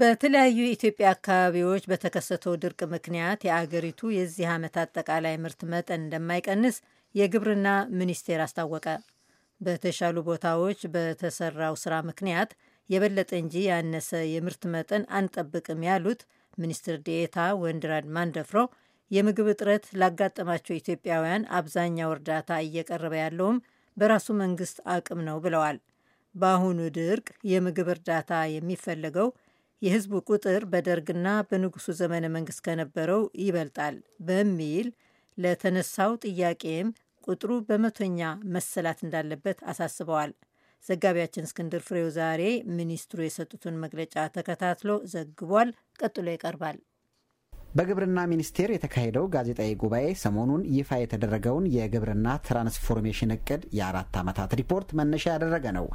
በተለያዩ የኢትዮጵያ አካባቢዎች በተከሰተው ድርቅ ምክንያት የአገሪቱ የዚህ ዓመት አጠቃላይ ምርት መጠን እንደማይቀንስ የግብርና ሚኒስቴር አስታወቀ። በተሻሉ ቦታዎች በተሰራው ስራ ምክንያት የበለጠ እንጂ ያነሰ የምርት መጠን አንጠብቅም ያሉት ሚኒስትር ዴኤታ ወንድራድ ማንደፍሮ የምግብ እጥረት ላጋጠማቸው ኢትዮጵያውያን አብዛኛው እርዳታ እየቀረበ ያለውም በራሱ መንግስት አቅም ነው ብለዋል። በአሁኑ ድርቅ የምግብ እርዳታ የሚፈለገው የህዝቡ ቁጥር በደርግና በንጉሱ ዘመነ መንግስት ከነበረው ይበልጣል በሚል ለተነሳው ጥያቄም ቁጥሩ በመቶኛ መሰላት እንዳለበት አሳስበዋል። ዘጋቢያችን እስክንድር ፍሬው ዛሬ ሚኒስትሩ የሰጡትን መግለጫ ተከታትሎ ዘግቧል። ቀጥሎ ይቀርባል። በግብርና ሚኒስቴር የተካሄደው ጋዜጣዊ ጉባኤ ሰሞኑን ይፋ የተደረገውን የግብርና ትራንስፎርሜሽን እቅድ የአራት ዓመታት ሪፖርት መነሻ ያደረገ ነው።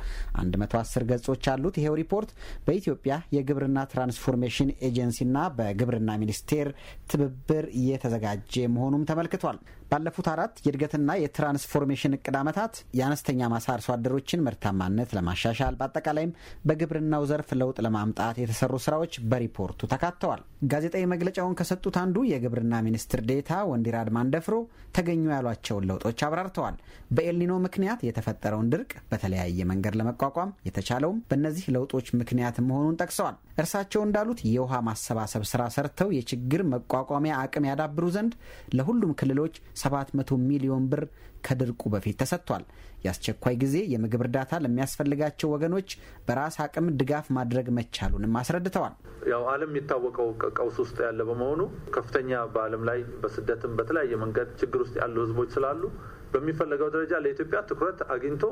110 ገጾች ያሉት ይሄው ሪፖርት በኢትዮጵያ የግብርና ትራንስፎርሜሽን ኤጀንሲና በግብርና ሚኒስቴር ትብብር የተዘጋጀ መሆኑም ተመልክቷል። ባለፉት አራት የእድገትና የትራንስፎርሜሽን እቅድ ዓመታት የአነስተኛ ማሳ አርሶ አደሮችን ምርታማነት ለማሻሻል በአጠቃላይም በግብርናው ዘርፍ ለውጥ ለማምጣት የተሰሩ ስራዎች በሪፖርቱ ተካተዋል። ጋዜጣዊ መግለጫውን ከሰጡት አንዱ የግብርና ሚኒስትር ዴታ ወንዲራድ ማንደፍሮ ተገኙ ያሏቸውን ለውጦች አብራርተዋል። በኤልኒኖ ምክንያት የተፈጠረውን ድርቅ በተለያየ መንገድ ለመቋቋም የተቻለውም በእነዚህ ለውጦች ምክንያት መሆኑን ጠቅሰዋል። እርሳቸው እንዳሉት የውሃ ማሰባሰብ ስራ ሰርተው የችግር መቋቋሚያ አቅም ያዳብሩ ዘንድ ለሁሉም ክልሎች 700 ሚሊዮን ብር ከድርቁ በፊት ተሰጥቷል። የአስቸኳይ ጊዜ የምግብ እርዳታ ለሚያስፈልጋቸው ወገኖች በራስ አቅም ድጋፍ ማድረግ መቻሉንም አስረድተዋል። ያው ዓለም የሚታወቀው ቀውስ ውስጥ ያለ በመሆኑ ከፍተኛ በዓለም ላይ በስደትም በተለያየ መንገድ ችግር ውስጥ ያሉ ህዝቦች ስላሉ በሚፈለገው ደረጃ ለኢትዮጵያ ትኩረት አግኝቶ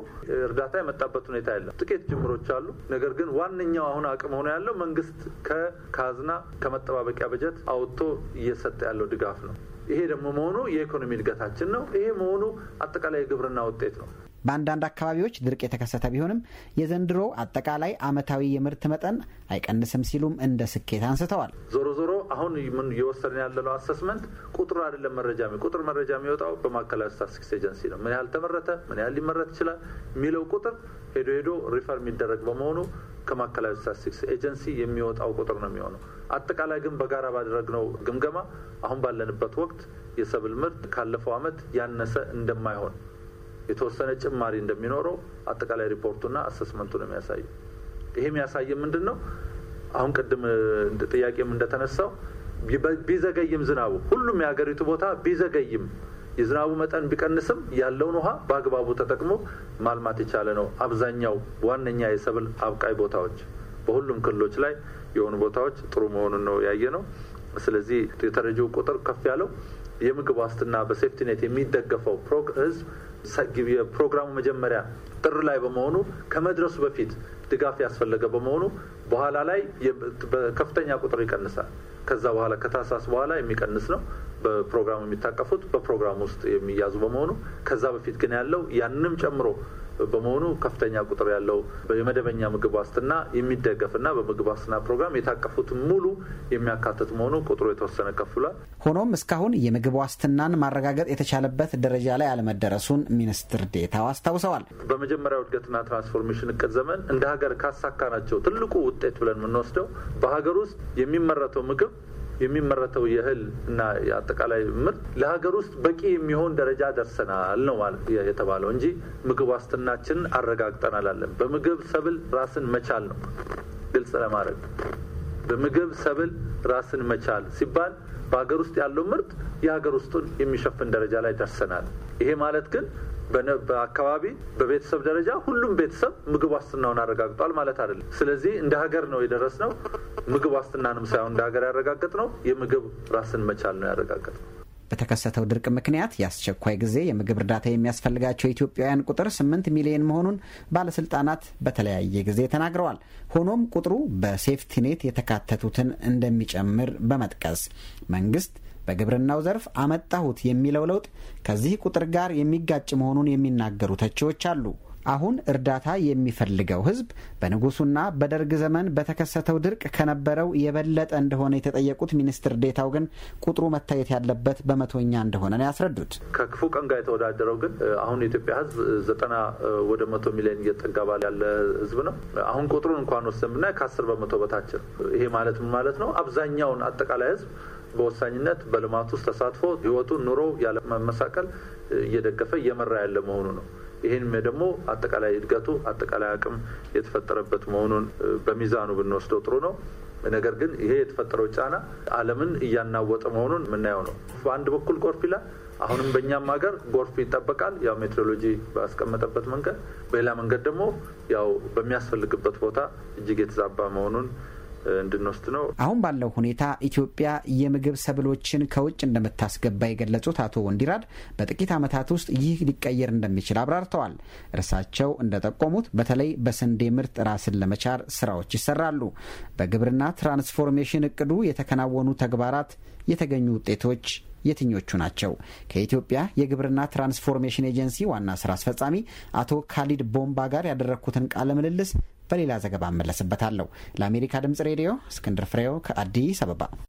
እርዳታ የመጣበት ሁኔታ የለም። ጥቂት ጅምሮች አሉ። ነገር ግን ዋነኛው አሁን አቅም ሆኖ ያለው መንግስት ከካዝና ከመጠባበቂያ በጀት አውጥቶ እየሰጠ ያለው ድጋፍ ነው። ይሄ ደግሞ መሆኑ የኢኮኖሚ እድገታችን ነው። ይሄ መሆኑ አጠቃላይ የግብርና ውጤት ነው። በአንዳንድ አካባቢዎች ድርቅ የተከሰተ ቢሆንም የዘንድሮ አጠቃላይ አመታዊ የምርት መጠን አይቀንስም ሲሉም እንደ ስኬት አንስተዋል። ዞሮ ዞሮ አሁን ምን እየወሰድን ያለነው አሰስመንት ቁጥር አይደለም መረጃ ቁጥር መረጃ የሚወጣው በማዕከላዊ ስታትስቲክስ ኤጀንሲ ነው። ምን ያህል ተመረተ፣ ምን ያህል ሊመረት ይችላል የሚለው ቁጥር ሄዶ ሄዶ ሪፈር የሚደረግ በመሆኑ ከማዕከላዊ ስታትስቲክስ ኤጀንሲ የሚወጣው ቁጥር ነው የሚሆነው። አጠቃላይ ግን በጋራ ባደረግነው ግምገማ አሁን ባለንበት ወቅት የሰብል ምርት ካለፈው አመት ያነሰ እንደማይሆን የተወሰነ ጭማሪ እንደሚኖረው አጠቃላይ ሪፖርቱና አሰስመንቱ ነው የሚያሳዩ። ይሄ የሚያሳይ ምንድን ነው? አሁን ቅድም ጥያቄም እንደተነሳው ቢዘገይም ዝናቡ ሁሉም የሀገሪቱ ቦታ ቢዘገይም የዝናቡ መጠን ቢቀንስም ያለውን ውሃ በአግባቡ ተጠቅሞ ማልማት የቻለ ነው። አብዛኛው ዋነኛ የሰብል አብቃይ ቦታዎች በሁሉም ክልሎች ላይ የሆኑ ቦታዎች ጥሩ መሆኑን ነው ያየ ነው። ስለዚህ የተረጂው ቁጥር ከፍ ያለው የምግብ ዋስትና በሴፍቲኔት የሚደገፈው ህዝብ የፕሮግራሙ መጀመሪያ ጥር ላይ በመሆኑ ከመድረሱ በፊት ድጋፍ ያስፈለገ በመሆኑ በኋላ ላይ በከፍተኛ ቁጥር ይቀንሳል። ከዛ በኋላ ከታሳስ በኋላ የሚቀንስ ነው። በፕሮግራም የሚታቀፉት በፕሮግራም ውስጥ የሚያዙ በመሆኑ ከዛ በፊት ግን ያለው ያንም ጨምሮ በመሆኑ ከፍተኛ ቁጥር ያለው የመደበኛ ምግብ ዋስትና የሚደገፍና በምግብ ዋስትና ፕሮግራም የታቀፉት ሙሉ የሚያካትት መሆኑ ቁጥሩ የተወሰነ ከፍ ብሏል። ሆኖም እስካሁን የምግብ ዋስትናን ማረጋገጥ የተቻለበት ደረጃ ላይ አለመደረሱን ሚኒስትር ዴታው አስታውሰዋል። በመጀመሪያው እድገትና ትራንስፎርሜሽን እቅድ ዘመን እንደ ሀገር ካሳካናቸው ትልቁ ውጤት ብለን የምንወስደው በሀገር ውስጥ የሚመረተው ምግብ የሚመረተው የእህል እና የአጠቃላይ ምርት ለሀገር ውስጥ በቂ የሚሆን ደረጃ ደርሰናል ነው የተባለው እንጂ ምግብ ዋስትናችን አረጋግጠናል አለን። በምግብ ሰብል ራስን መቻል ነው ግልጽ ለማድረግ በምግብ ሰብል ራስን መቻል ሲባል በሀገር ውስጥ ያለው ምርት የሀገር ውስጡን የሚሸፍን ደረጃ ላይ ደርሰናል። ይሄ ማለት ግን በአካባቢ በቤተሰብ ደረጃ ሁሉም ቤተሰብ ምግብ ዋስትናውን አረጋግጧል ማለት አይደለም። ስለዚህ እንደ ሀገር ነው የደረስነው። ምግብ ዋስትናንም ሳይሆን እንደ ሀገር ያረጋገጥ ነው የምግብ ራስን መቻል ነው ያረጋገጥ በተከሰተው ድርቅ ምክንያት የአስቸኳይ ጊዜ የምግብ እርዳታ የሚያስፈልጋቸው ኢትዮጵያውያን ቁጥር 8 ሚሊዮን መሆኑን ባለስልጣናት በተለያየ ጊዜ ተናግረዋል። ሆኖም ቁጥሩ በሴፍቲኔት የተካተቱትን እንደሚጨምር በመጥቀስ መንግስት በግብርናው ዘርፍ አመጣሁት የሚለው ለውጥ ከዚህ ቁጥር ጋር የሚጋጭ መሆኑን የሚናገሩ ተቺዎች አሉ። አሁን እርዳታ የሚፈልገው ህዝብ በንጉሱና በደርግ ዘመን በተከሰተው ድርቅ ከነበረው የበለጠ እንደሆነ የተጠየቁት ሚኒስትር ዴታው ግን ቁጥሩ መታየት ያለበት በመቶኛ እንደሆነ ነው ያስረዱት። ከክፉ ቀን ጋር የተወዳደረው ግን አሁን የኢትዮጵያ ህዝብ ዘጠና ወደ መቶ ሚሊዮን ባል ያለ ህዝብ ነው። አሁን ቁጥሩን እንኳን ወስደን ብናይ ከአስር በመቶ በታች ነው። ይሄ ማለት ምን ማለት ነው? አብዛኛውን አጠቃላይ ህዝብ። በወሳኝነት በልማት ውስጥ ተሳትፎ ህይወቱን ኑሮ ያለመመሳቀል እየደገፈ እየመራ ያለ መሆኑ ነው። ይህም ደግሞ አጠቃላይ እድገቱ አጠቃላይ አቅም የተፈጠረበት መሆኑን በሚዛኑ ብንወስደው ጥሩ ነው። ነገር ግን ይሄ የተፈጠረው ጫና ዓለምን እያናወጠ መሆኑን የምናየው ነው። በአንድ በኩል ጎርፍ ይላል። አሁንም በእኛም ሀገር ጎርፍ ይጠበቃል፣ ያው ሜትሮሎጂ ባስቀመጠበት መንገድ። በሌላ መንገድ ደግሞ ያው በሚያስፈልግበት ቦታ እጅግ የተዛባ መሆኑን እንድንወስድ ነው። አሁን ባለው ሁኔታ ኢትዮጵያ የምግብ ሰብሎችን ከውጭ እንደምታስገባ የገለጹት አቶ ወንዲራድ በጥቂት ዓመታት ውስጥ ይህ ሊቀየር እንደሚችል አብራርተዋል። እርሳቸው እንደጠቆሙት በተለይ በስንዴ ምርት ራስን ለመቻር ስራዎች ይሰራሉ። በግብርና ትራንስፎርሜሽን እቅዱ የተከናወኑ ተግባራት የተገኙ ውጤቶች የትኞቹ ናቸው? ከኢትዮጵያ የግብርና ትራንስፎርሜሽን ኤጀንሲ ዋና ስራ አስፈጻሚ አቶ ካሊድ ቦምባ ጋር ያደረግኩትን ቃለ ምልልስ በሌላ ዘገባ እመለስበታለሁ። ለአሜሪካ ድምጽ ሬዲዮ እስክንድር ፍሬው ከአዲስ አበባ